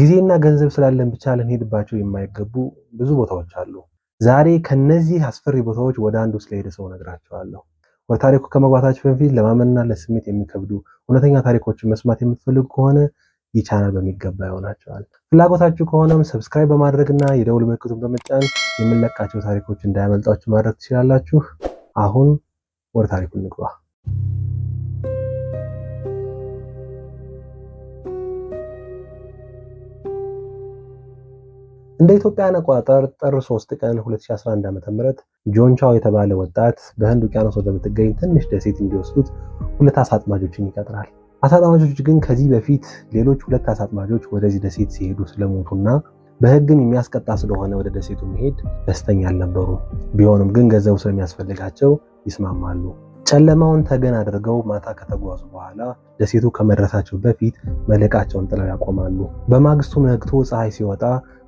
ጊዜና ገንዘብ ስላለን ብቻ ልንሄድባቸው የማይገቡ ብዙ ቦታዎች አሉ። ዛሬ ከነዚህ አስፈሪ ቦታዎች ወደ አንዱ ስለሄደ ሰው ነግራቸዋለሁ። ወደ ታሪኩ ከመግባታችሁ በፊት ለማመንና ለስሜት የሚከብዱ እውነተኛ ታሪኮችን መስማት የምትፈልጉ ከሆነ ይህ ቻናል በሚገባ ይሆናቸዋል። ፍላጎታችሁ ከሆነም ሰብስክራይብ በማድረግና የደውል ምልክቱን በመጫን የምንለቃቸው ታሪኮች እንዳያመልጧችሁ ማድረግ ትችላላችሁ። አሁን ወደ ታሪኩ እንግባ። እንደ ኢትዮጵያን አቆጣጠር ጥር 3 ቀን 2011 ዓ.ም ጆን ቻው የተባለ ወጣት በህንድ ውቅያኖስ ወደምትገኝ ትንሽ ደሴት እንዲወስዱት ሁለት አሳጥማጆችን ይቀጥራል። አሳ ግን ከዚህ በፊት ሌሎች ሁለት አሳጥማጆች ወደዚህ ደሴት ሲሄዱ ስለሞቱና በህግም የሚያስቀጣ ስለሆነ ወደ ደሴቱ መሄድ ደስተኛ አልነበሩ። ቢሆንም ግን ገንዘቡ ስለሚያስፈልጋቸው ይስማማሉ። ጨለማውን ተገን አድርገው ማታ ከተጓዙ በኋላ ደሴቱ ከመድረሳቸው በፊት መልሕቃቸውን ጥለው ያቆማሉ። በማግስቱም ነግቶ ፀሐይ ሲወጣ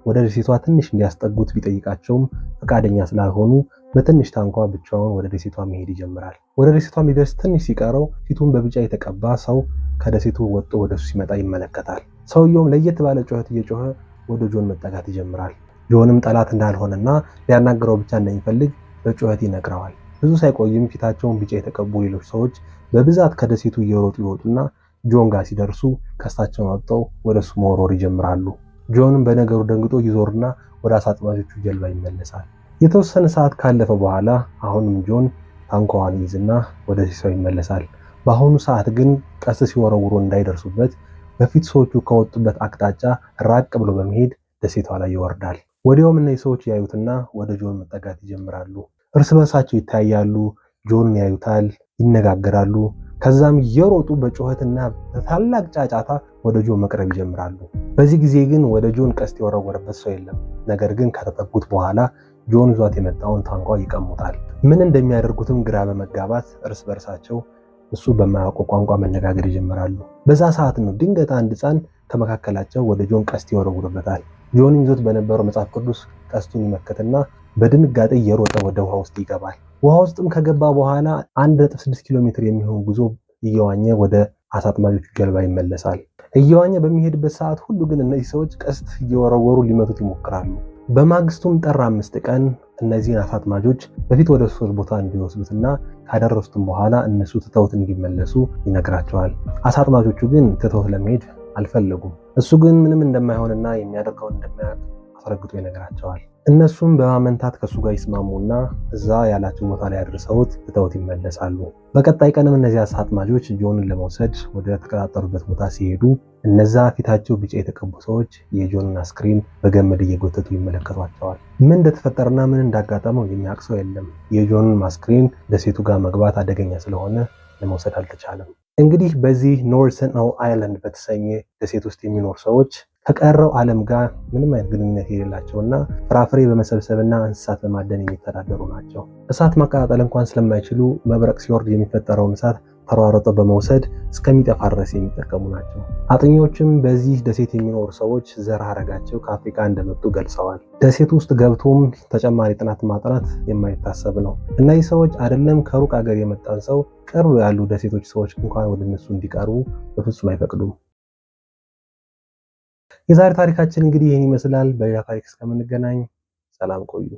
ወደ ደሴቷ ትንሽ እንዲያስጠጉት ቢጠይቃቸውም ፈቃደኛ ስላልሆኑ በትንሽ ታንኳ ብቻውን ወደ ደሴቷ መሄድ ይጀምራል። ወደ ደሴቷ ሊደርስ ትንሽ ሲቀረው ፊቱን በቢጫ የተቀባ ሰው ከደሴቱ ወጥቶ ወደ እሱ ሲመጣ ይመለከታል። ሰውየውም ለየት ባለ ጩኸት እየጮኸ ወደ ጆን መጠጋት ይጀምራል። ጆንም ጠላት እንዳልሆነና ሊያናግረው ብቻ እንደሚፈልግ በጩኸት ይነግረዋል። ብዙ ሳይቆይም ፊታቸውን ቢጫ የተቀቡ ሌሎች ሰዎች በብዛት ከደሴቱ እየሮጡ ይወጡና ጆን ጋር ሲደርሱ ከሳቸውን አውጥተው ወደ እሱ መወርወር ይጀምራሉ። ጆንም በነገሩ ደንግጦ ይዞርና ወደ አሳጥማጆቹ ጀልባ ይመለሳል። የተወሰነ ሰዓት ካለፈ በኋላ አሁንም ጆን ታንኳዋን ይዝና ወደ ሲሳው ይመለሳል። በአሁኑ ሰዓት ግን ቀስ ሲወረውሩ እንዳይደርሱበት በፊት ሰዎቹ ከወጡበት አቅጣጫ ራቅ ብሎ በመሄድ ደሴቷ ላይ ይወርዳል። ወዲያውም እነዚህ ሰዎች ያዩትና ወደ ጆን መጠጋት ይጀምራሉ። እርስ በርሳቸው ይታያሉ፣ ጆን ያዩታል፣ ይነጋገራሉ። ከዛም እየሮጡ በጩኸትና በታላቅ ጫጫታ ወደ ጆን መቅረብ ይጀምራሉ። በዚህ ጊዜ ግን ወደ ጆን ቀስት የወረወረበት ሰው የለም። ነገር ግን ከተጠጉት በኋላ ጆን ይዟት የመጣውን ታንኳ ይቀሙታል። ምን እንደሚያደርጉትም ግራ በመጋባት እርስ በርሳቸው እሱ በማያውቀው ቋንቋ መነጋገር ይጀምራሉ። በዛ ሰዓት ነው ድንገት አንድ ህፃን ከመካከላቸው ወደ ጆን ቀስት ይወረውርበታል። ጆን ይዞት በነበረው መጽሐፍ ቅዱስ ቀስቱን ይመከትና በድንጋጤ እየሮጠ ወደ ውሃ ውስጥ ይገባል። ውሃ ውስጥም ከገባ በኋላ 1.6 ኪሎ ሜትር የሚሆን ጉዞ እየዋኘ ወደ አሳ ጀልባ ይመለሳል። እየዋኘ በሚሄድበት ሰዓት ሁሉ ግን እነዚህ ሰዎች ቀስት እየወረወሩ ሊመቱት ይሞክራሉ። በማግስቱም ጥር አምስት ቀን እነዚህን አሳ አጥማጆች በፊት ወደ ሶስት ቦታ እንዲወስዱትና ካደረሱትም በኋላ እነሱ ትተውት እንዲመለሱ ይነግራቸዋል። አሳ ግን ትተውት ለመሄድ አልፈለጉም። እሱ ግን ምንም እንደማይሆንና የሚያደርገውን እንደማያውቅ አስረግጦ ይነግራቸዋል። እነሱም በማመንታት ከእሱ ጋር ይስማሙና እዛ ያላቸው ቦታ ላይ አድርሰውት ትተውት ይመለሳሉ። በቀጣይ ቀንም እነዚያ አሳጥማጆች ጆንን ለመውሰድ ወደ ተቀጣጠሩበት ቦታ ሲሄዱ እነዛ ፊታቸው ቢጫ የተቀቡ ሰዎች የጆንን አስክሬን በገመድ እየጎተቱ ይመለከቷቸዋል። ምን እንደተፈጠረና ምን እንዳጋጠመው የሚያውቅ ሰው የለም። የጆንን አስክሬን ደሴቱ ጋር መግባት አደገኛ ስለሆነ ለመውሰድ አልተቻለም። እንግዲህ በዚህ ኖርሰን አይላንድ በተሰኘ ደሴት ውስጥ የሚኖሩ ሰዎች ከቀረው ዓለም ጋር ምንም አይነት ግንኙነት የሌላቸው እና ፍራፍሬ በመሰብሰብ እና እንስሳት በማደን የሚተዳደሩ ናቸው። እሳት ማቀጣጠል እንኳን ስለማይችሉ መብረቅ ሲወርድ የሚፈጠረውን እሳት ተሯርጠው በመውሰድ እስከሚጠፋ ድረስ የሚጠቀሙ ናቸው። አጥኚዎችም በዚህ ደሴት የሚኖሩ ሰዎች ዘር ሐረጋቸው ከአፍሪካ እንደመጡ ገልጸዋል። ደሴት ውስጥ ገብቶም ተጨማሪ ጥናት ማጥናት የማይታሰብ ነው። እነዚህ ሰዎች አይደለም ከሩቅ ሀገር የመጣን ሰው ቅርብ ያሉ ደሴቶች ሰዎች እንኳን ወደ እነሱ እንዲቀርቡ በፍጹም አይፈቅዱም። የዛሬ ታሪካችን እንግዲህ ይህን ይመስላል። በሌላ ታሪክ እስከምንገናኝ ሰላም ቆዩ።